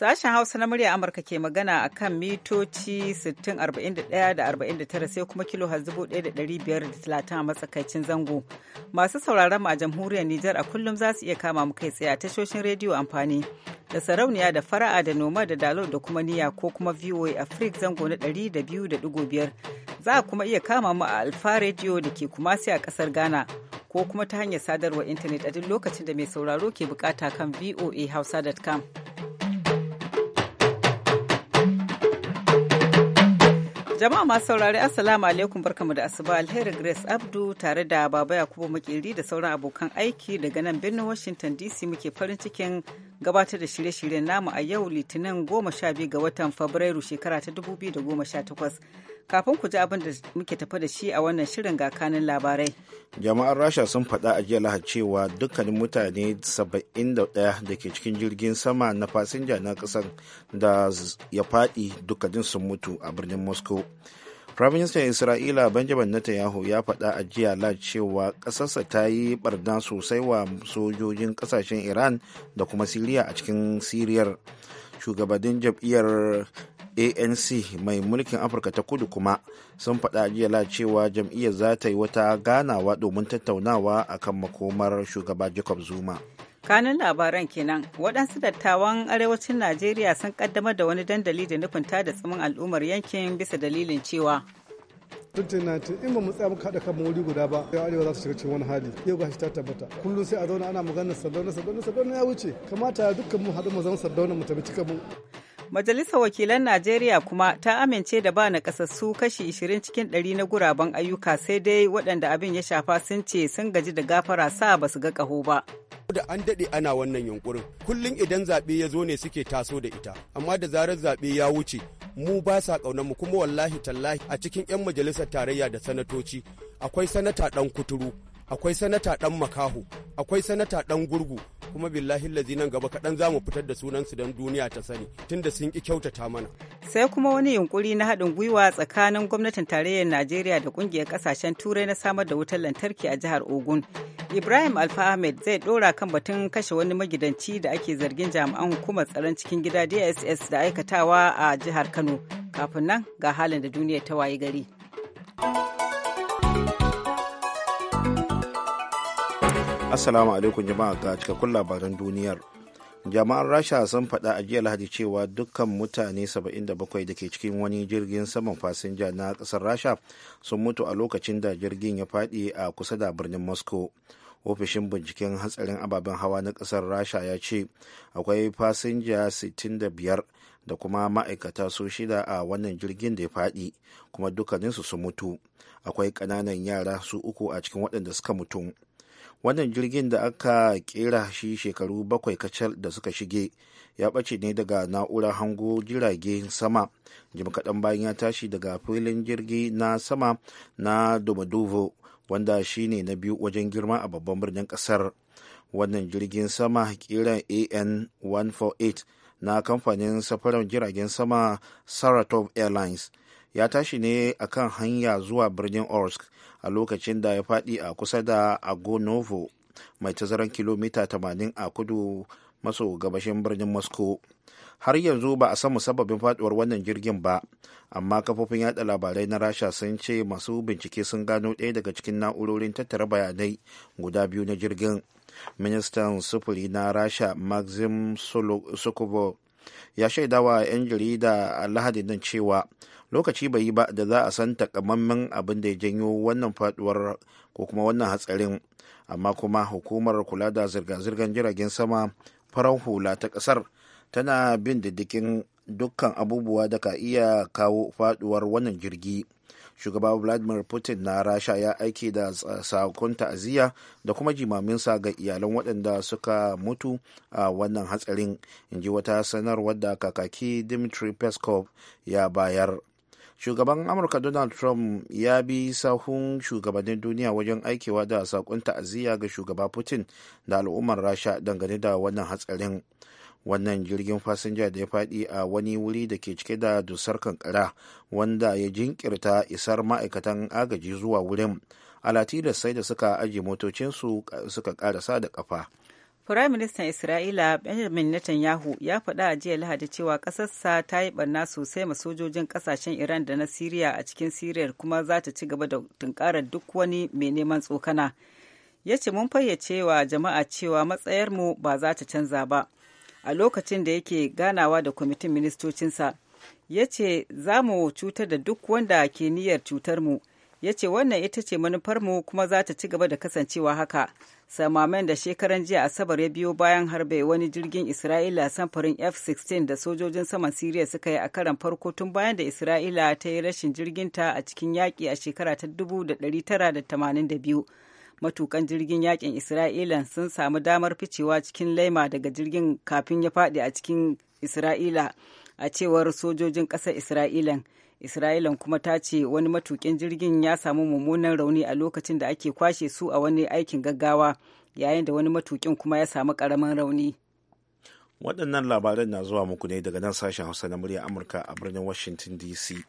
Sashen Hausa na murya Amurka ke magana a kan mitoci 6041 da 49 sai kuma kilo 1530 a matsakaicin zango. Masu sauraron a jamhuriyar Nijar a kullum za su iya kama mu kai tsaye a tashoshin rediyo amfani da sarauniya da fara'a da noma da dalo da kuma niya ko kuma VOA Africa zango na 200.5. Za a kuma iya kama mu a Alfa Radio da ke kumasi a kasar Ghana. ko kuma ta hanyar sadarwar intanet a duk lokacin da mai sauraro ke bukata kan voahausa.com. Jama'a masu saurari Assalamu alaikum barkamu da asuba alheri Grace Abdu tare da Baba Yakubu Makeri da sauran abokan aiki daga nan birnin Washington DC muke farin cikin gabatar da shirye-shiryen namu a yau Litinin 12 ga watan Fabrairu shekara ta 2018. kafin ku ji abin da muke tafa da shi a wannan shirin ga kanin labarai jama'ar rasha sun faɗa a jiya lahad cewa dukkanin mutane 71 da ke cikin jirgin sama na fasinja na ƙasar da ya faɗi dukkanin sun mutu a birnin moscow firaministan isra'ila benjamin netanyahu ya faɗa a jiya la cewa ƙasarsa ta yi barna sosai wa sojojin kasashen iran da kuma siriya a cikin siriyar shugabannin jam'iyyar anc mai mulkin afirka ta kudu kuma sun faɗa jiya cewa jam'iyyar za ta yi wata ganawa domin tattaunawa a kan makomar shugaba jacob zuma kanun labaran kenan waɗansu dattawan arewacin najeriya sun kaddamar da wani dandali da nufin da tsamin al'ummar yankin bisa dalilin cewa tuntun in ba mu tsaya muka haɗa kan wuri guda ba yau arewa za su shiga cikin wani hali yau shi ta tabbata kullum sai a zauna ana magana sardauna sardauna sardauna ya wuce kamata dukkan mu haɗu mu zama sardauna mu tafi cika mu Majalisar Wakilan Najeriya kuma ta amince da ba na kasassu kashi 20 cikin 100 na guraben ayyuka sai dai waɗanda abin ya shafa sun ce sun gaji da gafara sa ba su ga kaho ba. Da an daɗe ana wannan yunkurin kullum idan zaɓe ya zo ne suke taso da ita amma da zarar zaɓe ya wuce mu ba sa ƙaunar mu kuma wallahi tallahi a cikin 'yan majalisar tarayya da sanatoci akwai sanata ɗan kuturu akwai sanata dan makaho akwai sanata dan gurgu kuma billahi lazi nan gaba kaɗan za mu fitar da sunansu don duniya ta sani tunda sun ƙi kyautata mana. Sai kuma wani yunkuri na haɗin gwiwa tsakanin gwamnatin tarayyar Najeriya da ƙungiyar ƙasashen Turai na samar da wutar lantarki a jihar Ogun. Ibrahim Alfa Ahmed zai ɗora kan batun kashe wani magidanci da ake zargin jami'an hukumar tsaron cikin gida DSS da aikatawa a jihar Kano. Kafin nan ga halin da duniya ta waye gari. Assalamu alaikum jama'a ga cikakkun labaran duniyar. Jama'an Rasha sun faɗa a jiya Lahadi cewa dukkan mutane 77 da ke cikin wani jirgin saman fasinja na ƙasar Rasha sun mutu a lokacin da jirgin ya faɗi a kusa da birnin Moscow. ofishin binciken hatsarin ababen hawa na ƙasar rasha ya ce akwai fasinja 65 da kuma ma'aikata su shida a wannan jirgin da ya faɗi kuma dukkaninsu su mutu akwai ƙananan yara su uku a cikin waɗanda suka mutu wannan jirgin da aka kera shi shekaru bakwai kacal da suka shige ya ɓace ne daga na'urar hango jiragen sama jim kaɗan bayan ya tashi daga filin jirgi na sama na domodovo wanda shi ne na biyu wajen girma a babban birnin ƙasar wannan jirgin sama kiran an 148 na kamfanin safarar jiragen sama saratov airlines ya tashi ne a kan hanya zuwa birnin orsk a lokacin da ya fadi a kusa da agonovo mai tazaran kilomita 80 a kudu maso gabashin birnin moscow har yanzu ba a samu sababin faduwar wannan jirgin ba amma kafofin yada labarai na rasha sun ce masu bincike sun gano ɗaya daga cikin na'urorin tattara bayanai guda biyu na jirgin ministan sufuri na rasha maxim sokovo ya shaidawa 'yan jarida a lahadin nan cewa lokaci bai yi ba da za a san takamammen abin da ya janyo wannan faduwar ko kuma wannan hatsarin amma kuma hukumar kula da zirga-zirgar jiragen sama farar hula ta kasar tana bin diddikin dukkan abubuwa da ka iya kawo faduwar wannan jirgi shugaba vladimir putin na rasha ya aiki da sakon ta'aziyya da kuma jimaminsa ga iyalan waɗanda suka mutu a wannan hatsarin in ji wata sanarwar da kakaki dmitry peskov ya bayar shugaban amurka donald trump ya bi sahun shugabannin duniya wajen aikewa da saƙon ta'aziyya ga shugaba putin da al'ummar rasha dangane da wannan hatsarin wannan jirgin fasinja da ya faɗi a wani wuri da ke cike da dusar kankara wanda ya jinkirta isar ma'aikatan agaji zuwa wurin da sai da suka ajiye motocinsu suka ƙarasa da ƙafa Firaministan Isra'ila Benjamin Netanyahu ya faɗa a jiya Lahadi cewa ƙasarsa ta yi ɓarna sosai ma sojojin ƙasashen Iran da na Siriya a cikin Siriyar kuma za ta ci gaba da tunkarar duk wani mai neman tsokana. Ya ce mun fayyace wa jama'a cewa matsayar mu ba za ta canza ba. A lokacin da yake ganawa da kwamitin ministocinsa, ya ce za mu cutar da duk wanda ke niyyar cutar mu. Ya ce wannan ita ce manufar mu kuma za ta ci gaba da kasancewa haka. samamen da shekaran jiya asabar ya biyo bayan harbe wani jirgin isra'ila samfurin f-16 da sojojin saman siriya suka yi a karan farko tun bayan da isra'ila ta yi rashin jirginta a cikin yaƙi a shekara ta 1982 matukan jirgin yaƙin isra'ila sun samu damar ficewa cikin laima daga jirgin kafin ya faɗi a cikin isra'ila a cewar sojojin ƙasar isra'ilan isra'ilan kuma ta ce wani matukin jirgin ya samu mummunan rauni a lokacin da ake kwashe su a wani aikin gaggawa yayin da wani matukin kuma ya samu karamin rauni waɗannan labaran na zuwa muku ne daga nan sashen hausa na murya amurka a birnin washington dc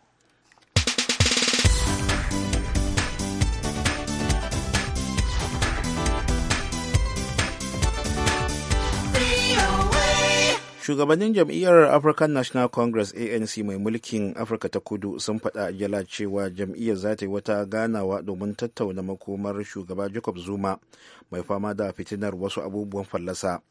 shugabannin jam'iyyar african national congress anc mai mulkin afirka ta kudu sun faɗa a jala cewa jam'iyyar za ta yi wata ganawa domin tattauna makomar shugaba jacob zuma mai fama da fitinar wasu abubuwan fallasa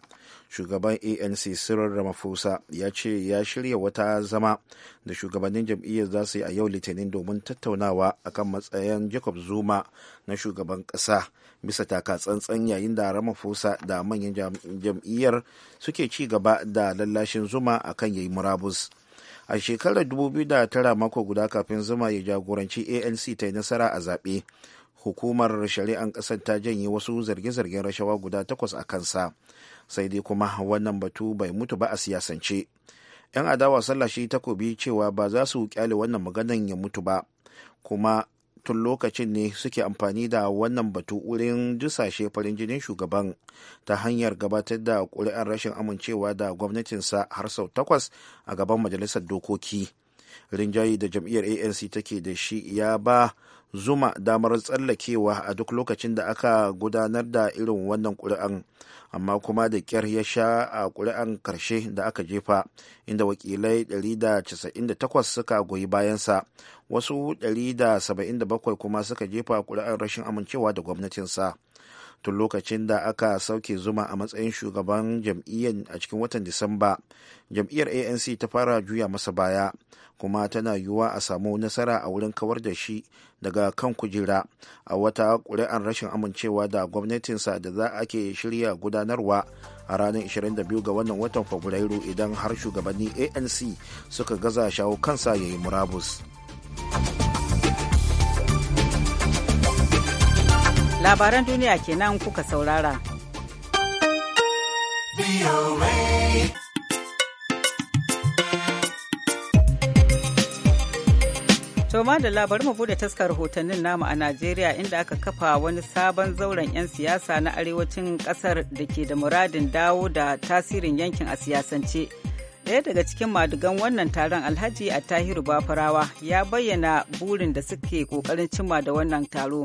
shugaban anc cyril ramaphosa ya ce ya shirya wata zama da shugabannin jam'iyyar za su yi a yau litinin domin tattaunawa akan matsayin jacob zuma na shugaban ƙasa bisa taka tsantsan yayin da ramaphosa da manyan jam'iyyar suke ci gaba da lallashin zuma a ya yayi murabus a shekarar 2009 mako guda kafin zuma ya jagoranci anc ta yi nasara a zaɓe hukumar shari'an ƙasar ta janye wasu zarge-zargen rashawa guda takwas a kansa sai dai kuma wannan batu bai mutu ba a siyasance 'yan adawa sallashi takobi cewa ba za su kyale wannan maganan ya mutu ba kuma tun lokacin ne suke amfani da wannan batu wurin dusashe farin jinin shugaban ta hanyar gabatar da ƙuri'ar rashin amincewa da gwamnatinsa har sau takwas a gaban majalisar dokoki rinjaye da jam'iyyar anc take da shi ya ba zuma damar tsallakewa a duk lokacin da aka gudanar da irin wannan ƙuri'an amma kuma da ƙyar ya sha a ƙuri'an ƙarshe da aka jefa inda wakilai 198 suka goyi bayansa wasu 177 kuma suka jefa ƙuri'an rashin amincewa da gwamnatinsa. tun lokacin da aka sauke zuma a matsayin shugaban jam'iyyar a cikin watan disamba jam'iyyar anc ta fara juya masa baya kuma tana yiwuwa a samu nasara a wurin kawar da shi daga kan kujera a wata ƙuri'ar rashin amincewa da gwamnatinsa da za a ke shirya gudanarwa a ranar 22 ga wannan watan fabrairu idan har shugabanni anc suka gaza shawo kansa ya yi murabus. labaran duniya kenan kuka saurara. To da labarin mu bude taskar rahotannin namu a Najeriya inda aka kafa wani sabon zauren 'yan siyasa na arewacin kasar da ke da muradin dawo da tasirin yankin a siyasance. Daya daga cikin madugan wannan taron Alhaji a Tahiru Bafarawa ya bayyana burin da suke kokarin cimma da wannan taro.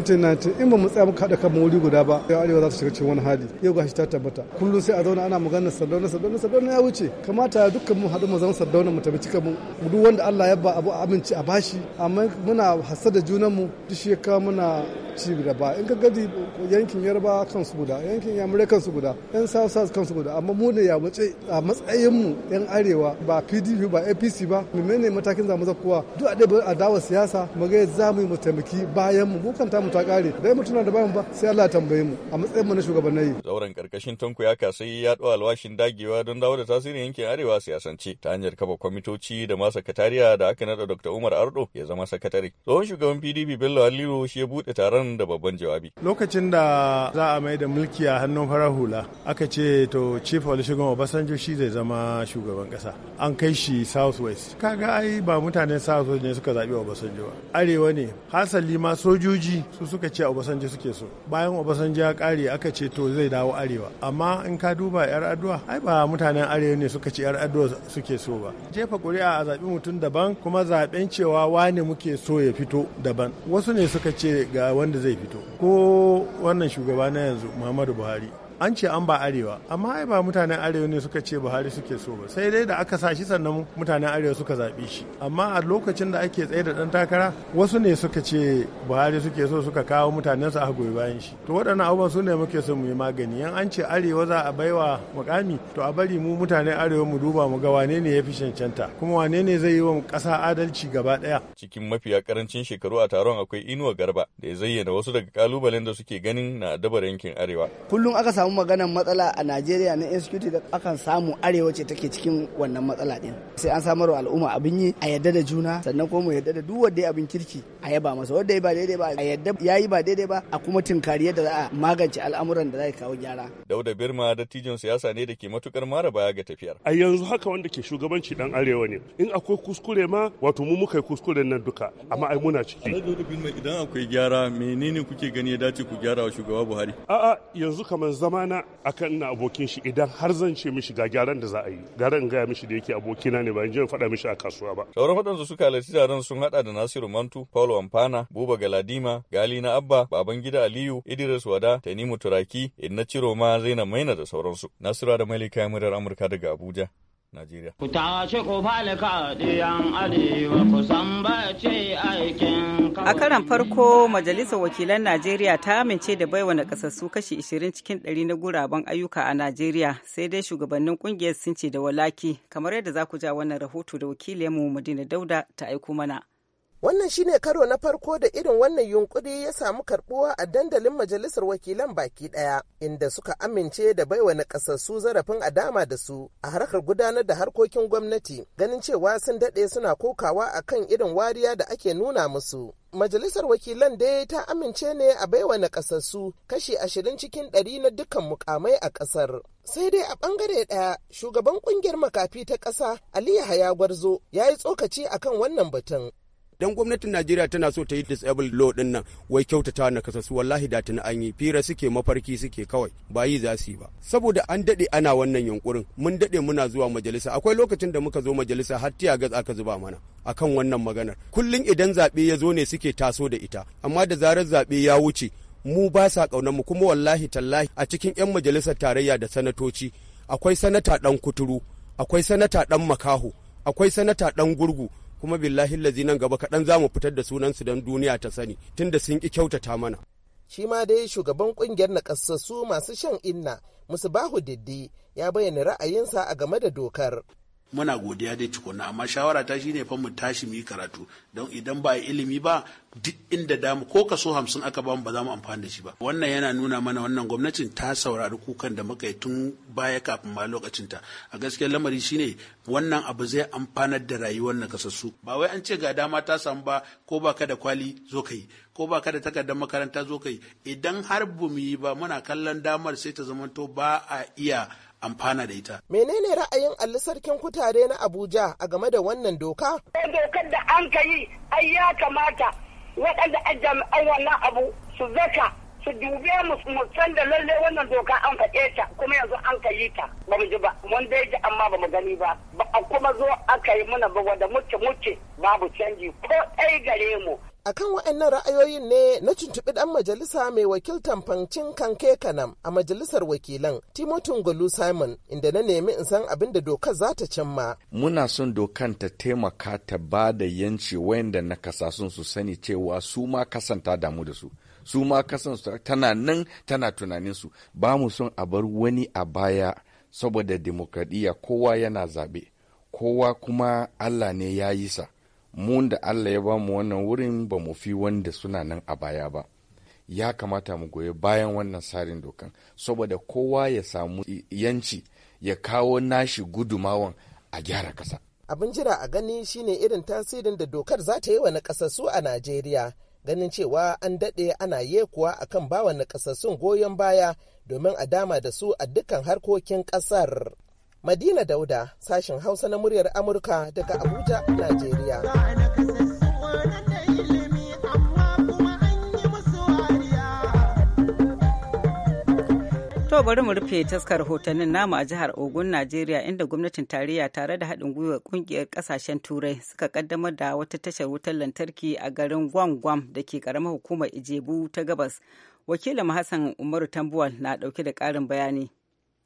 tun in ba mu tsaya muka haɗa kan wuri guda ba yau arewa za ta shiga cikin wani hali yau gashi ta tabbata kullum sai a zauna ana magana sardauna sardauna sardauna ya wuce kamata dukkan mu haɗu mu zama sardauna mu tabbaci cika mu duk wanda Allah ya ba abu aminci a bashi amma muna hasada junan mu duk shi ya kawo muna ci gaba in ka gadi yankin yarba kansu guda yankin yamurai kansu guda yan south south kansu guda amma mu ne ya wuce a matsayin mu yan arewa ba pdp ba apc ba mu ne matakin zamu zakuwa duk a a adawa siyasa mu ga za mu yi mu taimaki bayan mu kanta mu ta kare dai mutuna da bayan ba sai Allah tambaye mu a matsayin mu na shugabanni zauren karkashin tanko ya kasai ya alwashin dagewa don dawo da tasirin yankin arewa siyasance ta hanyar kafa kwamitoci da ma sakatariya da aka nada Dr. Umar Ardo ya zama sakatare tsohon shugaban PDP Bello Aliyu shi ya buɗe taron da babban jawabi. Lokacin da za a mai da mulki a hannun farar hula aka ce to Chief Olusegun Obasanjo shi zai zama shugaban kasa. An kai shi South West. Kaga ai ba mutanen South West ne suka zaɓi Obasanjo ba. Arewa ne. Hasali ma sojoji su suka ce Obasanjo suke so. Bayan Obasanjo ya kare aka ce to zai dawo Arewa. Amma in ka duba 'yar Adua ai ba mutanen Arewa ne suka ce 'yar Adua suke so ba. Jefa ƙuri'a a zaɓi mutum daban kuma zaɓen cewa wane muke so ya fito daban. Wasu ne suka ce ga wani da zai fito ko wannan shugaba na yanzu muhammadu buhari an ce an ba arewa amma ai ba mutanen arewa ne suka ce buhari suke so ba sai dai da aka sa shi sannan mutanen arewa suka zaɓe shi amma a lokacin da ake tsaye da ɗan takara wasu ne suka ce buhari suke so suka kawo mutanen su aka goyi bayan shi to waɗannan abubuwan su ne muke so mu yi magani yan an ce arewa za a baiwa mukami to a bari mu mutanen arewa mu duba mu ga wane ne ya fi cancanta kuma wane ne zai yi wa ƙasa adalci gaba ɗaya cikin mafiya karancin shekaru a taron akwai inuwa garba da ya zayyana wasu daga kalubalen da suke ganin na adabar yankin arewa kullum aka samu samu maganar matsala a najeriya na insecurity da akan samu arewa ce take cikin wannan matsala din sai an samar wa al'umma abin yi a yadda da juna sannan kuma mu yadda da duk wanda abin kirki a yaba masa wanda ba daidai ba a yadda yayi ba daidai ba a kuma tinkari yadda za a magance al'amuran da za a kawo gyara dauda birma dattijon siyasa ne da ke matukar mara baya ga tafiyar a yanzu haka wanda ke shugabanci dan arewa ne in akwai kuskure ma wato mu muka yi kuskuren nan duka amma ai muna ciki idan akwai gyara menene kuke gani ya dace ku gyara wa shugaba buhari a'a yanzu kamar zama na kan ina abokin shi idan har zan ce mishi ga gyaran da za a yi gara in gaya mishi da yake abokina ne ba in faɗa mishi a kasuwa ba sauran waɗansu suka halarci taron sun haɗa da Nasiru Mantu Paulo Amfana Buba Galadima gali na Abba baban gida Aliyu Idris Wada Tanimu Turaki Inna Ciroma Zainab Maina da sauransu Nasiru da Malika Murar Amurka daga Abuja Najeriya. Ku tashi ku falka diyan arewa ku san bace aikin A karan farko Majalisar Wakilan Najeriya ta amince da baiwa na kasassu kashi 20 cikin 100 na guraben ayyuka a Najeriya sai dai shugabannin kungiyar sun ce da walaki kamar yadda za ku ja wannan rahoto da wakilinmu Madina Dauda ta aiko mana. Wannan shi ne karo na farko da irin wannan yunkuri ya samu karbuwa a dandalin majalisar wakilan baki daya, inda suka amince da baiwa kasassu zarafin a dama da su a harkar gudanar da harkokin gwamnati, ganin cewa sun dade suna kokawa a kan irin wariya da ake nuna musu. Majalisar wakilan dai ta amince ne a baiwa kasassu kashi ashirin cikin ɗari na dukkan mukamai a ƙasar. Sai dai a ɓangare ɗaya shugaban ƙungiyar makafi ta ƙasa Aliyu Hayagwarzo ya yi tsokaci akan wannan batun. dan gwamnatin Najeriya tana so ta yi disable law din nan wai kyautata na kasasu wallahi da tuni an yi fira suke mafarki suke kawai ba yi za su yi ba saboda an dade ana wannan yunkurin mun dade muna zuwa majalisa akwai lokacin da muka zo majalisa har tiya gas aka zuba mana akan wannan maganar kullun idan zabe ya zo ne suke taso da ita amma da zarar zabe ya wuce mu ba sa kaunar mu kuma wallahi tallahi a cikin yan majalisar tarayya da sanatoci akwai sanata dan kuturu akwai sanata dan makaho akwai sanata dan gurgu kuma billahi lazi nan gaba kaɗan za mu fitar da sunansu don duniya ta sani tunda sun ƙi kyautata mana. shi ma dai shugaban kungiyar nakasassu masu shan inna musu bahu diddi ya bayyana ra'ayinsa a game da dokar muna godiya dai tukuna amma shawara ta shine fa mu tashi mu yi karatu don idan ba ilimi ba duk inda damu ko kaso hamsin aka bamu ba za mu amfani da shi ba wannan yana nuna mana wannan gwamnatin ta saurari kukan da muka yi tun baya kafin ma lokacin ta a gaskiya lamari shine wannan abu zai amfanar da rayuwar na kasassu ba wai an ce ga dama ta samu ba ko ba ka da kwali zo ka yi ko ba ka da takardar makaranta zo ka yi idan har bu mu yi ba muna kallon damar sai ta zamanto ba a iya amfana da ita. Menene ra'ayin alli sarkin kutare na Abuja a game da wannan doka? Dokar da an ka yi ai ya kamata waɗanda an jami'an wannan abu su zaka su dube mu mu san da lalle wannan doka an faɗe ta kuma yanzu an ka yi ta ba mu ji ba mun dai ji amma ba mu gani ba ba a kuma zo aka yi mana ba wanda muke muke babu canji ko ɗai gare mu akan waɗannan ra'ayoyin ne na tuntuɓi ɗan majalisa mai wakiltan fancin kanke kanam a majalisar wakilan timotin golu simon inda na nemi in san abin da dokar za ta cimma muna son dokan ta taimaka ta ba da yanci wayanda na kasasun su sani cewa su ma kasanta damu da su su ma kasan tana nan tana tunanin su ba mu son a bar wani a baya saboda demokradiyya kowa yana zaɓe kowa kuma allah ne ya yi sa mu da Allah ya ba mu wannan wurin ba mu fi wanda suna nan a baya ba ya kamata mu goyi bayan wannan tsarin dokan saboda kowa ya samu yanci ya kawo nashi gudumawan a gyara kasa abin jira a gani shine irin tasirin da dokar za ta yi wa nakasassu a najeriya ganin cewa an daɗe ana yekuwa akan bawa nakasassun goyon baya domin a dama da su a dukkan harkokin ƙasar Madina Dauda, sashen Hausa na muryar Amurka daga Abuja, Najeriya. To bari mu rufe taskar hotonin namu a jihar Ogun, Najeriya inda gwamnatin tarayya tare da haɗin gwiwar kungiyar ƙasashen Turai suka kaddamar da wata tashar wutar lantarki a garin Gwangwam da ke ƙaramar hukumar Ijebu ta gabas. Wakilin Hassan Umaru Tambuwal na ɗauke da ƙarin bayani.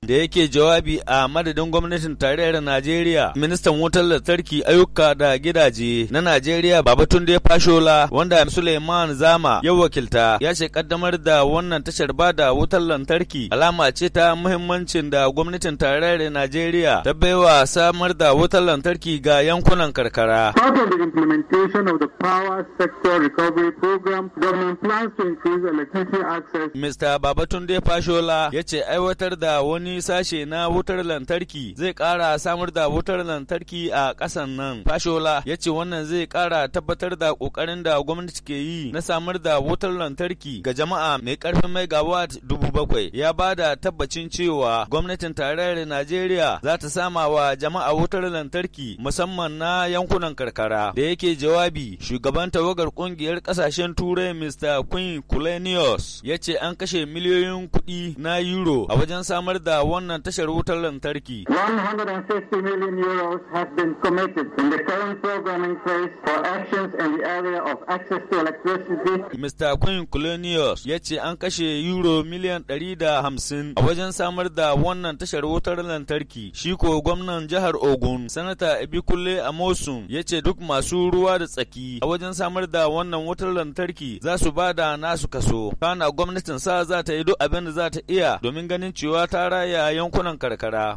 da yake jawabi a madadin gwamnatin tarayyar Najeriya ministan wutar lantarki ayyuka da gidaje na Najeriya Babatunde Fashola wanda Suleiman Zama ya wakilta ya ce kaddamar da wannan tashar bada wutar lantarki alama ce ta muhimmancin da gwamnatin tarayyar Najeriya ta baiwa samar da wutar lantarki ga yankunan karkara. Part the implementation of the power sector recovery program, government plans to increase electricity access. Mr. Babatunde Fashola ya ce aiwatar da wani wani sashe na wutar lantarki zai kara samar da wutar lantarki a ƙasan nan. Fashola ya ce wannan zai kara tabbatar da ƙoƙarin da gwamnati ke yi na samar da wutar lantarki ga jama'a mai ƙarfin megawatt dubu bakwai. Ya ba da tabbacin cewa gwamnatin tarayyar Najeriya za ta sama wa jama'a wutar lantarki musamman na yankunan karkara. Da yake jawabi shugaban tawagar ƙungiyar ƙasashen Turai Mr. Queen Kulenius ya ce an kashe miliyoyin kuɗi na euro a wajen samar da wannan tashar wutar lantarki. 150 million euros has been committed in the current programming phase for actions in the area of access to electricity. Mr. Queen Colonius ya ce an kashe euro miliyan 150 a wajen samar da wannan tashar wutar lantarki. Shi ko gwamnan jihar Ogun, Sanata Ebikunle Amosun ya ce duk masu ruwa da tsaki a wajen samar da wannan wutar lantarki za su ba da nasu kaso. Kana gwamnatin sa za ta yi duk abin da za ta iya domin ganin cewa ta ya yankunan karkara.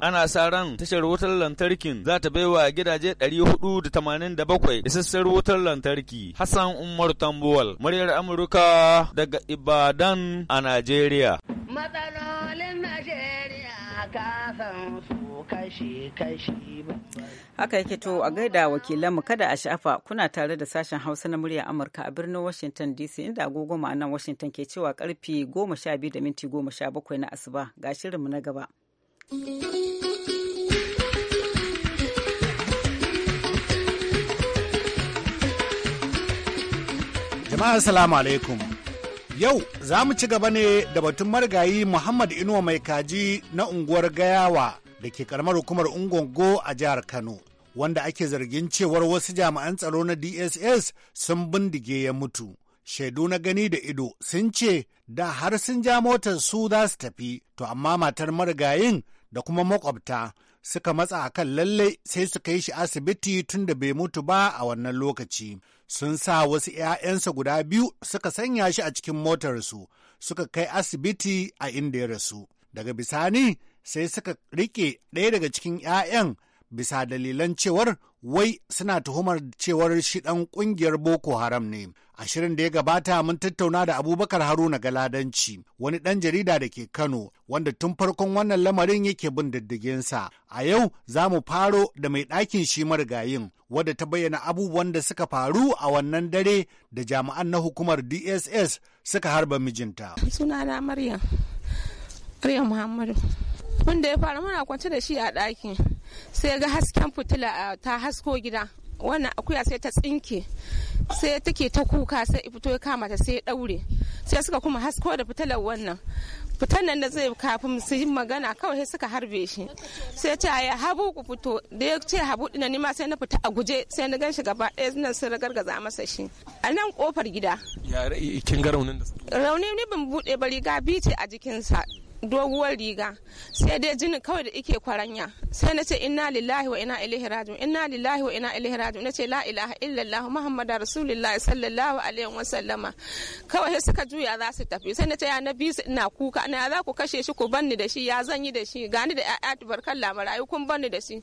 Ana sa ran tashar wutar lantarkin za ta baiwa gidaje 487 isassar wutar lantarki. Hassan Umar Tambuwal, muryar Amurka daga Ibadan a Najeriya. Matsalolin Najeriya ka su. haka yake to a gaida wakilanmu kada a shafa kuna tare da sashen hausa na murya amurka a birnin washington dc inda agogo ma'anan washington ke cewa karfe goma na asuba ga shirinmu na gaba jama'a salamu alaikum yau za mu ci gaba ne da batun marigayi muhammad inuwa mai kaji na unguwar gayawa da ke karamar hukumar Ungongo a jihar Kano, wanda ake zargin cewar wasu jami'an tsaro na DSS sun bindige ya mutu. Shaidu na gani da ido sun ce da har sun ja motar su za su tafi, to amma matar marigayin da kuma makwabta suka matsa a kan lalle sai su kai shi asibiti tun da bai mutu ba a wannan lokaci. Sun sa wasu 'ya'yansa guda biyu suka sanya shi a cikin motarsu suka kai asibiti a inda ya rasu. Daga bisani sai suka rike ɗaya daga cikin 'ya'yan bisa dalilan cewar wai suna tuhumar cewar shi ɗan ƙungiyar Boko Haram ne. A shirin da ya gabata mun tattauna da Abubakar Haruna Galadanci, wani ɗan jarida da ke Kano, wanda tun farkon wannan lamarin yake bin diddiginsa. A yau za mu faro da mai ɗakin shi marigayin, wadda ta bayyana abubuwan da suka faru a wannan dare da jami'an na hukumar DSS suka harba mijinta. Sunana Maryam, Maryam Muhammadu. abin da ya fara muna kwance da shi a ɗaki sai ga hasken fitila ta hasko gida wannan akuya sai ta tsinke sai take ta kuka sai fito ya kama ta sai ya daure sai suka kuma hasko da fitilar wannan fitan nan da zai kafin su yi magana kawai sai suka harbe shi sai ta ya habu ku fito da ya ce habu dinan ni ma sai na fita a guje sai na ganshi gaba ɗaya nan sun ragargaza masa shi a nan kofar gida ya ra'i ga raunin da rauni ne ban bude ba riga bice a jikinsa doguwar riga sai dai jini kawai da ike kwaranya sai na ce inna lillahi wa ina ilaihi rajiun inna lillahi wa ina ilaihi rajiun na ce la ilaha illallah muhammadar rasulullahi sallallahu alaihi wa sallama kawai sai suka juya za su tafi sai na ce ya nabi ina kuka na za ku kashe shi ku banni da shi ya zanyi da shi gani da ya'ya barkan lamarayu kun banni da shi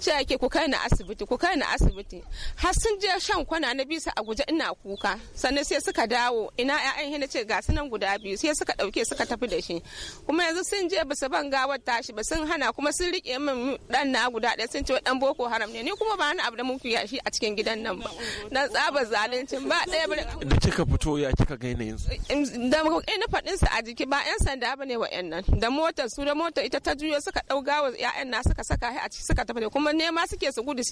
ce ake ku kai na asibiti ku kai na asibiti har sun je shan kwana na bisa a guje ina kuka sannan sai suka dawo ina ya'yan hina ce ga sunan guda biyu sai suka dauke suka tafi da shi kuma yanzu sun je basu ban gawar tashi ba sun hana kuma sun riƙe min dan na guda ɗaya sun ce dan boko haram ne ni kuma ba ni abu da mun kuya shi a cikin gidan nan ba na tsaba zaluncin ba ɗaya ba da kika fito ya kika ga yanayin da ina eh, faɗin su a jiki ba yan sanda bane wa'annan da motar su da motar ita ta juyo suka dau gawar ya'yan na suka saka a ciki suka tafi da kuma kuma nema suke su gudu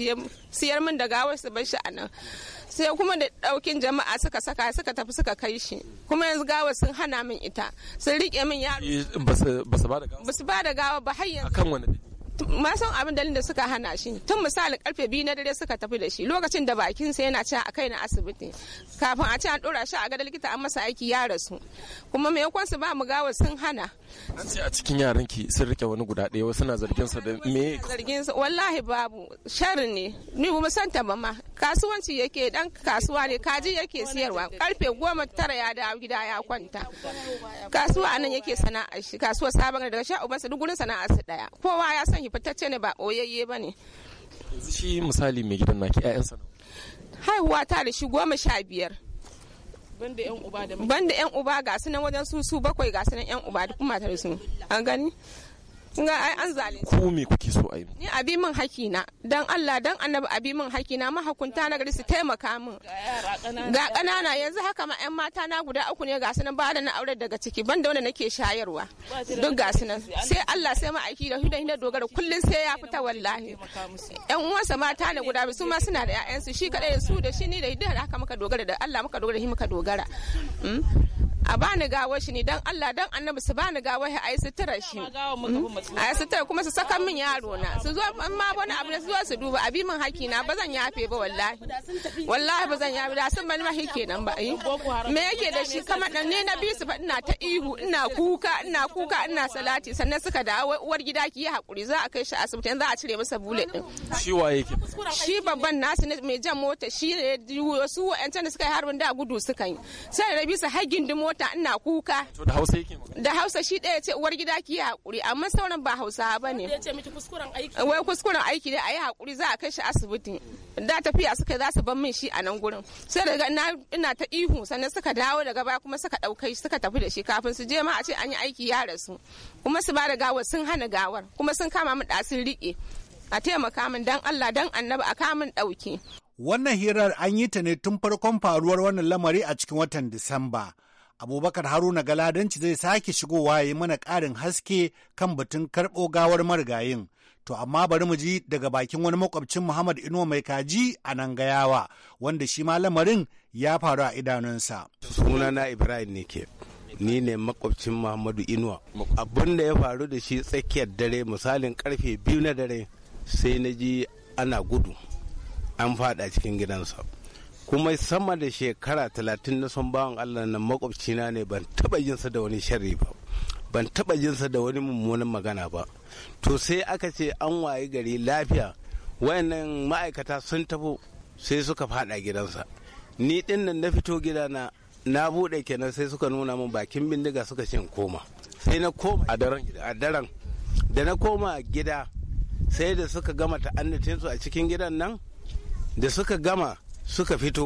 siyar min da gawar su bar shi a nan sai kuma da daukin jama'a suka saka suka tafi suka kai shi kuma yanzu gawa sun hana min ita sun rike min yaro eh, ba su ba da gawa ba har yanzu akan wani ma san abin dalilin da suka hana shi tun misali karfe biyu na dare suka tafi da shi lokacin da bakin sa yana cewa a kai na asibiti kafin a ce an dora shi a ga likita an masa aiki ya rasu kuma me yakon su ba mu gawa sun hana an ce a cikin yaran ki sun rike wani guda ɗaya wasu na zargin sa da me zargin sa wallahi babu sharri ne ni ba san ta ba ma kasuwanci yake dan kasuwa ne kaji yake siyarwa karfe goma tara ya dawo gida ya kwanta kasuwa anan yake sana'a shi kasuwa sabon daga sha ubansa duk gurin sana'a su daya kowa ya san wallahi fitacce ne ba ɓoyayye ba ne yanzu shi misali mai gidan naki ƴaƴansa nawa haihuwa ta da shi goma sha biyar banda ƴan uba da banda yan uba ga su nan wajen su su bakwai ga su nan yan uba duk matar su an gani Nga ai an zalunci. Ku me kuke so a yi? Ni abi min haki na. Dan Allah dan Annabi abi min haki na mahakunta na gari su taimaka min. Ga ƙanana yanzu haka ma ƴan mata na guda uku ne ga su nan ba da na aure daga ciki ban da wanda nake shayarwa. Duk ga su nan. Sai Allah sai ma aiki da hidan hidan dogara kullun sai ya fita wallahi. Ƴan uwansa mata ne guda su ma suna da ƴaƴansu shi kadai su da shi ni da hidan haka muka dogara da Allah muka dogara shi muka dogara. Hmm? a bani gawar shi ne dan Allah dan annabi su bani gawar shi a yi sutura shi a yi sutura kuma su saka min yaro na su zo in ma wani abu ne su zo su duba abi min haki na ba zan yafe ba wallahi wallahi ba zan yafe da sun bani ma hike nan ba yi eh. me yake da shi kamar dan ne na bi su fa ina ta ihu ina kuka ina kuka ina salati sannan suka dawo uwar gida ki yi hakuri za a kai shi asibiti za a cire masa bule din shi waye ke shi babban nasu mai jan mota shi ne su wa'ancan da suka yi harbin da gudu suka yi sai da bi su hagin mota mota ina kuka da hausa yake da hausa shi ɗaya ce uwar gida ki hakuri amma sauran ba hausa ba ne wai kuskuren aiki dai a yi hakuri za a kai shi asibiti da tafiya suka za su ban min shi a nan gurin sai daga ina ta ihu sannan suka dawo daga baya kuma suka ɗaukai suka tafi da shi kafin su je ma a ce an yi aiki ya rasu kuma su ba da gawar sun hana gawar kuma sun kama min ɗasin riƙe a taimaka min dan Allah dan annabi a kamun ɗauki. Wannan hirar an yi ta ne tun farkon faruwar wannan lamari a cikin watan Disamba. abubakar haruna galadanci zai sake shigowa ya yi mana ƙarin haske kan batun karɓo gawar marigayin to amma bari mu ji daga bakin wani makwabcin muhammad inuwa mai kaji a nan gayawa wanda shi ma lamarin ya faru a idanunsa sunana ibrahim ne ke ni ne makwabcin muhammadu inuwa abin da ya faru da shi tsakiyar dare misalin karfe biyu na dare sai na ji ana gudu an fada cikin gidansa kuma sama da shekara talatin na son bawan allah na makwabcina ne ban taba jinsa da wani sharri ba ban taba jinsa da wani mummunan magana ba to sai aka ce an wayi gari lafiya wayannan ma'aikata sun tafi sai suka fada gidansa ni din nan na fito gidana na bude kenan sai suka nuna min bakin bindiga suka ce koma sai na koma a daren da na koma gida sai da suka gama su a cikin gidan nan da suka gama suka fito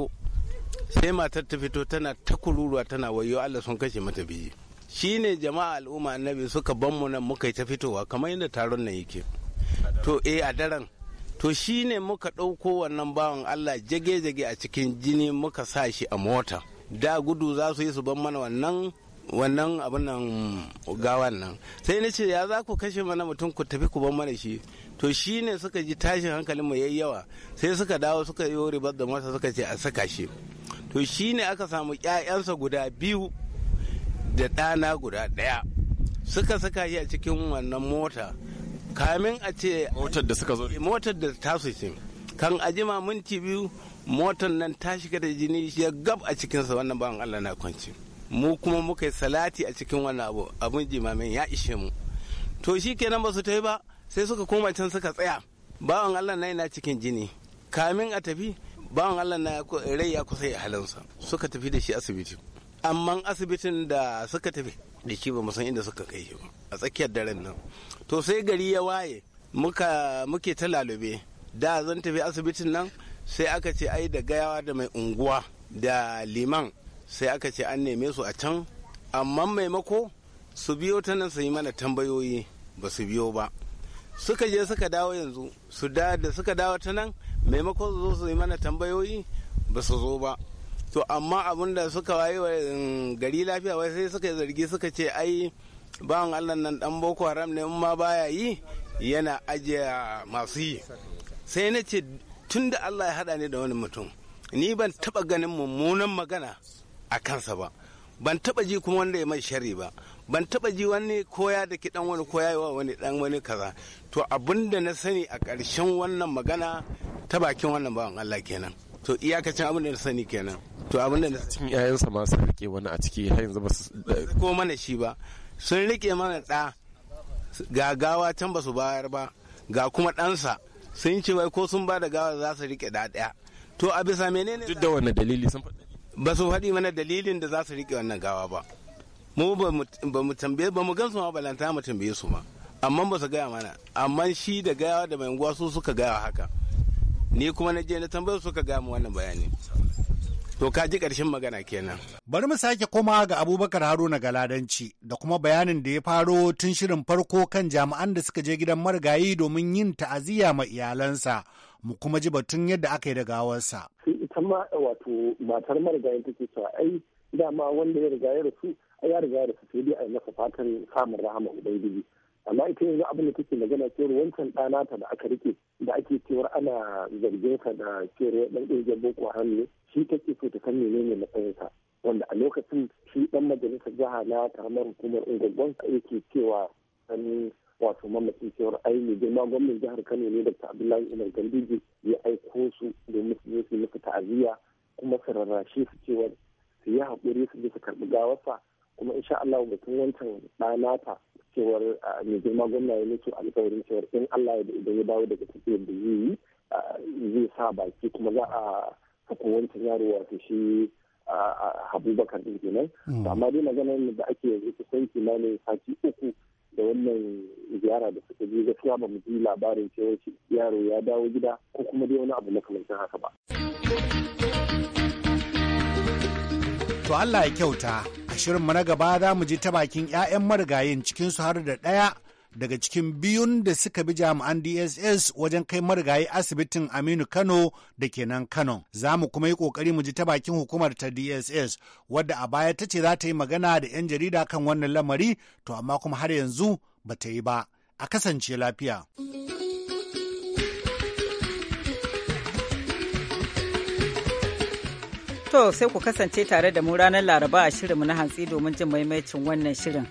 sai matar ta fito tana ta kururuwa tana wayo Allah sun kashe mata biyu shine jama'a al'umma annabi suka ban mu nan muka yi ta fitowa kamar yadda taron nan yake to eh a daren to shine muka ɗauko wannan bawan Allah jage-jage a cikin jini muka sa shi a mota da gudu za su yi su ban mana wannan wannan abin nan gawan nan sai na ce ya za ku kashe mana mutum ku tafi ku ban mana shi to shi ne suka ji tashin hankalin mu yayi yawa sai suka dawo suka yi ribar da masa suka ce a saka shi to shi ne aka samu ƴaƴansa guda biyu da ɗana guda ɗaya suka saka shi a cikin wannan mota kamin a ce motar da suka zo motar da su ce kan ajima minti biyu motar nan ta shiga da jini ya gab a cikinsa wannan bawan Allah na kwanci. mu kuma muka yi salati a cikin wannan abu abun jimamin ya ishe mu to shi kenan ba su ta yi ba sai suka koma can suka tsaya bawan allah na yana cikin jini kamin a tafi bawan allah na rai ya kusa ya suka tafi da shi asibiti amma asibitin da suka tafi da shi ba san inda suka kai shi ba a tsakiyar daren nan to sai gari ya waye muka muke ta lalube da zan tafi asibitin nan sai aka ce ai da gayawa da mai unguwa da liman sai aka ce an neme su a can amma maimako su biyo ta nan su yi mana tambayoyi ba su biyo ba suka je suka dawo yanzu su da da suka dawo ta nan maimako su zo su yi mana tambayoyi ba su zo ba to amma abin da suka waye wa mm, gari lafiya wai sai suka zargi suka ce ai bawan allah nan dan boko haram ne ma baya yi yana ajiye masu yi sai na ce tun da allah ya hada ni da wani mutum ni ban taba ganin mummunan magana a kansa ba ban taba ji kuma wanda ya mai shari ba ban taba ji wani koya da ki dan wani koya wa wani dan wani kaza to da na sani a ƙarshen wannan magana ta bakin wannan bawan Allah kenan to iyakacin abin da na sani kenan to abin da na cikin Iyayensa ma sun rike wani a ciki har yanzu ba su ko mana shi ba sun rike mana da ga gawa can ba su bayar ba ga kuma ɗansa sun ce wai ko sun ba da gawa za su rike da ɗaya to a bisa menene duk da wannan dalili sun faɗi ba su faɗi mana dalilin da za su riƙe wannan gawa ba mu ba mu tambaye ba mu gansu ma balanta mu tambaye su ma amma ba su gaya mana amma shi da gawa da mai su suka gaya haka ni kuma na je na su suka gaya mu wannan bayani to ka ji ƙarshen magana kenan bari mu sake koma ga abubakar haruna galadanci da kuma bayanin da ya faro tun shirin farko kan jami'an da suka je gidan marigayi domin yin ta'aziyya ma iyalansa mu kuma ji batun yadda aka yi da gawarsa ita wato matar marigayin take cewa ai dama wanda ya riga ya rasu ya riga ya rasu sai dai a yi masa fatan samun rahama ubangiji amma ita yanzu abin da take magana cewar wancan ɗana ta da aka rike da ake cewar ana zargin sa da cewar ɗan ɗirgin boko hannu shi take so ta san menene matsayinsa wanda a lokacin shi dan majalisar jiha na karamar hukumar ungwaggon yake cewa wato mamakin cewar ai girma gwamnan jihar kano ne da abdullahi umar gandiji ya aiko su domin su je su musu ta'aziyya kuma su rarrashe su cewa su yi haƙuri su je su karɓi gawarsa kuma insha Allah batun wancan ɗanata cewar mai girma gwamna ya mutu alƙawarin cewar in Allah ya idan ya dawo daga tafiyar da zai yi zai sa baki kuma za a sako wancan yaro wato shi abubakar ɗin kenan. Hmm. Amma dai maganar da ake yanzu kusan kimanin sati uku da wannan ziyara da suka je gaskiya ba mu ji labarin cewa yaro ya dawo gida ko kuma dai wani abu makamancin haka ba. To Allah ya kyauta, a shirin na gaba za mu ji ta bakin 'ya'yan marigayin cikinsu har da ɗaya daga cikin biyun da suka bi jami'an DSS wajen kai marigayi asibitin Aminu Kano da kenan Kano. Za mu kuma yi kokari mu ji ta bakin hukumar ta DSS wadda a baya ta ce za ta yi magana da 'yan jarida kan wannan lamari to amma kuma har yanzu ba ta yi ba. A kasance lafiya. To sai ku kasance tare da mu ranar Laraba a shirin mu na hantsi domin jin maimaicin wannan shirin.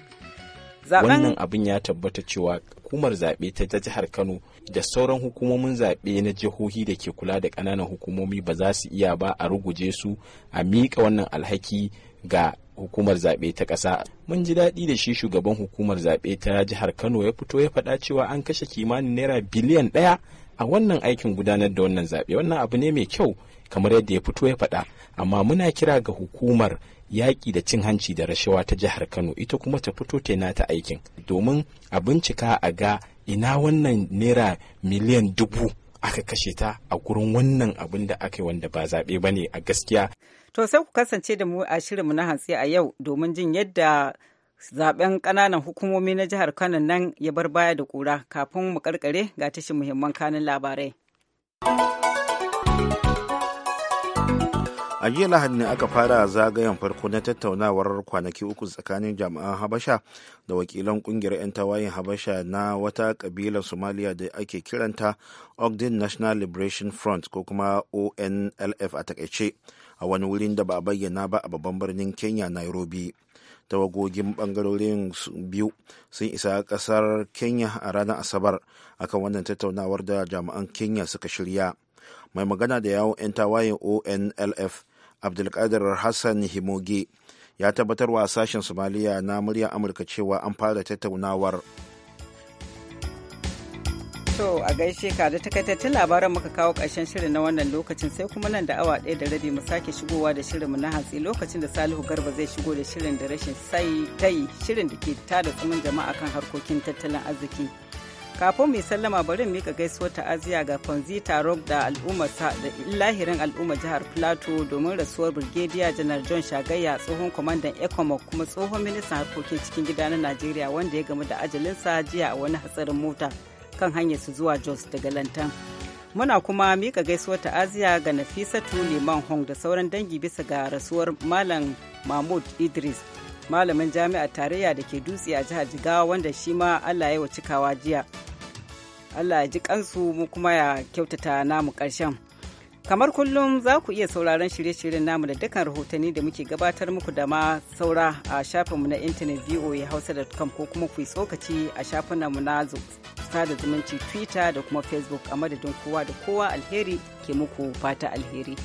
wannan abin ya tabbata cewa hukumar zaɓe ta jihar kano da sauran hukumomin zaɓe na jihohi da ke kula da ƙananan hukumomi ba za su iya ba a ruguje su a miƙa wannan alhaki ga hukumar zaɓe ta ƙasa mun ji daɗi da shi shugaban hukumar zaɓe ta jihar kano ya fito ya faɗa cewa an kashe kimanin naira biliyan ɗaya a wannan aikin gudanar da wannan zaɓe wannan abu ne mai kyau kamar yadda ya fito ya faɗa amma muna kira ga hukumar yaƙi da cin hanci da rashawa ta jihar Kano ita kuma ta fito ta nata aikin domin a bincika a ga ina wannan naira miliyan dubu aka kashe ta a gurin wannan abin da aka yi wanda ba zaɓe ba ne a gaskiya. To sai ku kasance da mu a shirinmu na hantsi a yau domin jin yadda zaben ƙananan hukumomi na jihar Kano nan ya bar baya da ƙura kafin mu karkare ga tashin muhimman kanin labarai. a jiya lahadi ne aka fara zagayen farko na tattaunawar kwanaki uku tsakanin jami'an habasha da wakilan kungiyar 'yan tawayin habasha na wata kabilar somalia da ake kiranta ogden national liberation front ko kuma onlf a takaice a wani wurin da ba a bayyana ba a babban birnin kenya nairobi tawagogin bangarorin biyu sun isa kasar kenya a ranar asabar akan wannan tattaunawar da jami'an kenya suka shirya mai magana da yawon 'yan tawayen onlf abdulkadir hassan himoge ya tabbatar wa sashen somaliya na muryar amurka cewa an fara tattaunawar to a gaishe ka da takaitattun labaran muka kawo ƙarshen shirin na wannan lokacin sai kuma nan da awa ɗaya da rabi mu sake shigowa da shirinmu na hatsi lokacin da salihu garba zai shigo da shirin da rashin sai tai shirin da ke tada tsumin jama'a kan harkokin tattalin arziki kafin mai sallama bari mika gaisuwar ta'aziya ga Fonzi Tarok da sa da lahirin al'ummar jihar Plateau domin rasuwar Birgediya Janar John Shagaya tsohon kwamandan ECOMOC kuma tsohon ministan harkokin cikin gida na Najeriya wanda ya gamu da ajalin sa jiya a wani hatsarin mota kan hanyar su zuwa Jos daga Lantan. Muna kuma mika gaisuwar ta'aziya ga Nafisatu Liman Hong da sauran dangi bisa ga rasuwar Malam Mahmud Idris malamin jami'ar tarayya da ke dutse a jihar jigawa wanda shi ma allah ya wa cikawa jiya allah ya ji kansu mu kuma ya kyautata namu karshen kamar kullum za ku iya sauraron shirye-shiryen namu da dukkan rahotanni da muke gabatar muku da ma saura a shafinmu na intanet hausa.com ko kuma ku yi tsokaci a shafinmu na sada zumunci twitter da kuma facebook a madadin kowa da kowa alheri ke muku fata alheri.